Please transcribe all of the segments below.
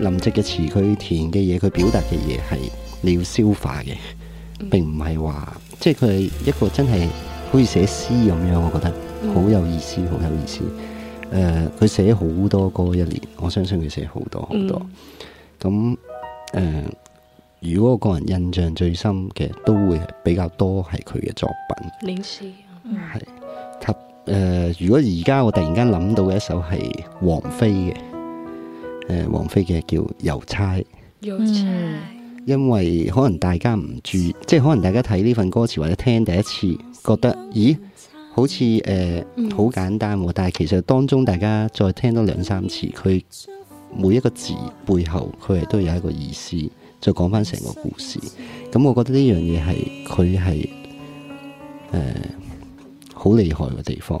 林夕嘅詞，佢填嘅嘢，佢表達嘅嘢係你要消化嘅，嗯、並唔係話，即係佢係一個真係好似寫詩咁樣，我覺得好、嗯、有意思，好有意思。誒、呃，佢寫好多歌一年，我相信佢寫好多好多。咁誒、嗯呃，如果我個人印象最深嘅，都會比較多係佢嘅作品。林夕係，佢、嗯、誒、呃，如果而家我突然間諗到嘅一首係王菲嘅。誒，王菲嘅叫郵差，郵差、嗯，因為可能大家唔注意，即係可能大家睇呢份歌詞或者聽第一次，覺得咦，好似誒好簡單喎，但係其實當中大家再聽多兩三次，佢每一個字背後佢係都有一個意思，再講翻成個故事，咁我覺得呢樣嘢係佢係誒好厲害嘅地方。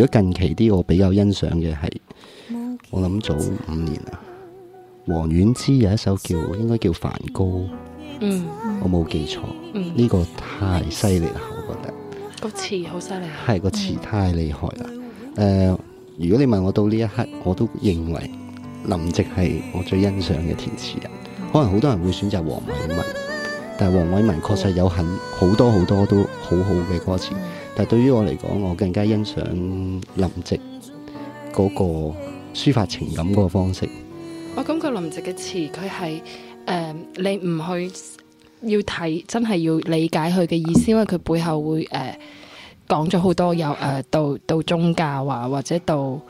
如果近期啲我比較欣賞嘅係，我諗早五年啊，王菀之有一首叫應該叫梵高，嗯，我冇記錯，呢、嗯、個太犀利啦，我覺得。個詞好犀利啊，係個詞太厲害啦。誒、嗯呃，如果你問我到呢一刻，我都認為林夕係我最欣賞嘅填詞人。嗯、可能好多人會選擇黃偉文，但係黃偉文確實有很好多好多都很好好嘅歌詞。但對於我嚟講，我更加欣賞林夕嗰個抒發情感嗰個方式。我感覺林夕嘅詞，佢係誒你唔去要睇，真係要理解佢嘅意思，因為佢背後會誒、呃、講咗好多有誒到到宗教啊，或者到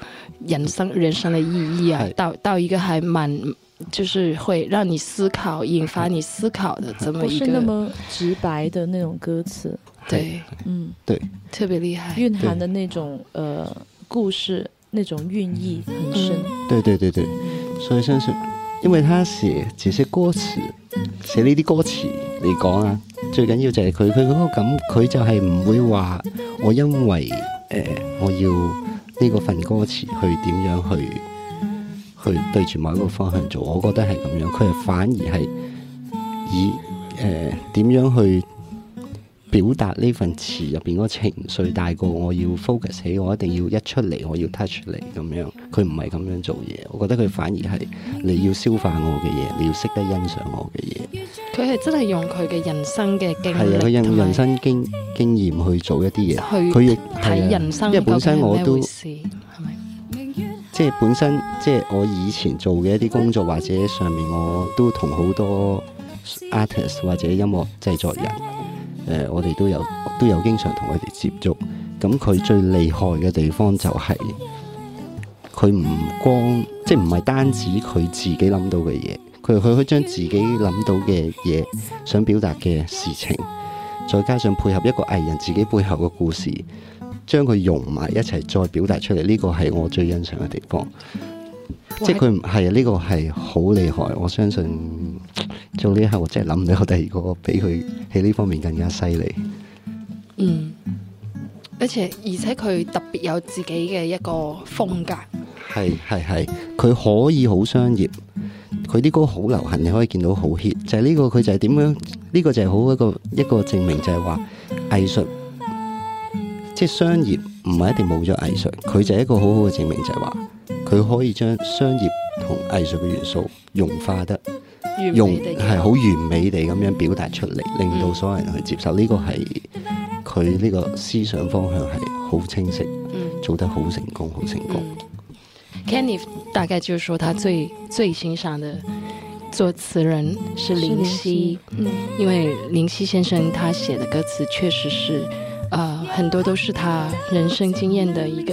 人生人生嘅意義啊，是到到一個係滿，就是會讓你思考、引發你思考的咁樣是一個。不是那麼直白的那種歌詞。對，對對嗯，對，特別厲害，蘊含的那種，對呃，故事那種蘊意很深，嗯嗯。對對對對，所以相信，因為他寫這些歌詞寫呢啲歌詞嚟講啊，最緊要就係佢佢嗰個感，佢就係唔會話我因為誒、呃、我要呢個份歌詞去點樣去去對住某一個方向做，我覺得係咁樣，佢係反而係以誒點、呃、樣去。表達呢份詞入邊嗰情緒大過我要 focus 起，我一定要一出嚟我要 touch 你咁樣，佢唔係咁樣做嘢。我覺得佢反而係你要消化我嘅嘢，你要識得欣賞我嘅嘢。佢係真係用佢嘅人生嘅經歷同、係啊，佢用人生經經驗去做一啲嘢。佢亦係啊，因為本身我都，係咪？即係本身，即係我以前做嘅一啲工作或者上面，我都同好多 artist 或者音樂製作人。誒、呃，我哋都有都有經常同佢哋接觸，咁佢最厲害嘅地方就係，佢唔光即係唔係單止佢自己諗到嘅嘢，佢佢可以將自己諗到嘅嘢，想表達嘅事情，再加上配合一個藝人自己背後嘅故事，將佢融埋一齊再表達出嚟，呢、這個係我最欣賞嘅地方。即係佢唔係啊，呢喂、這個係好厲害。我相信做呢個，我真係諗唔到我第二個比佢喺呢方面更加犀利。嗯，而且而且佢特別有自己嘅一個風格。係係係，佢可以好商業，佢啲歌好流行，你可以見到好 hit。就係呢、這個，佢就係點樣？呢、這個就係好一個一個證明就，就係話藝術即係商業，唔係一定冇咗藝術。佢就係一個好好嘅證明就，就係話。佢可以將商業同藝術嘅元素融化得，用係好完美地咁樣表達出嚟，令到所有人去接受。呢個係佢呢個思想方向係好清晰，做得好成功，好、嗯、成功。Kenneth 大概就是說，他最最欣賞的作詞人是林夕，因為林夕先生他寫的歌詞，確實是，呃，很多都是他人生經驗的一個。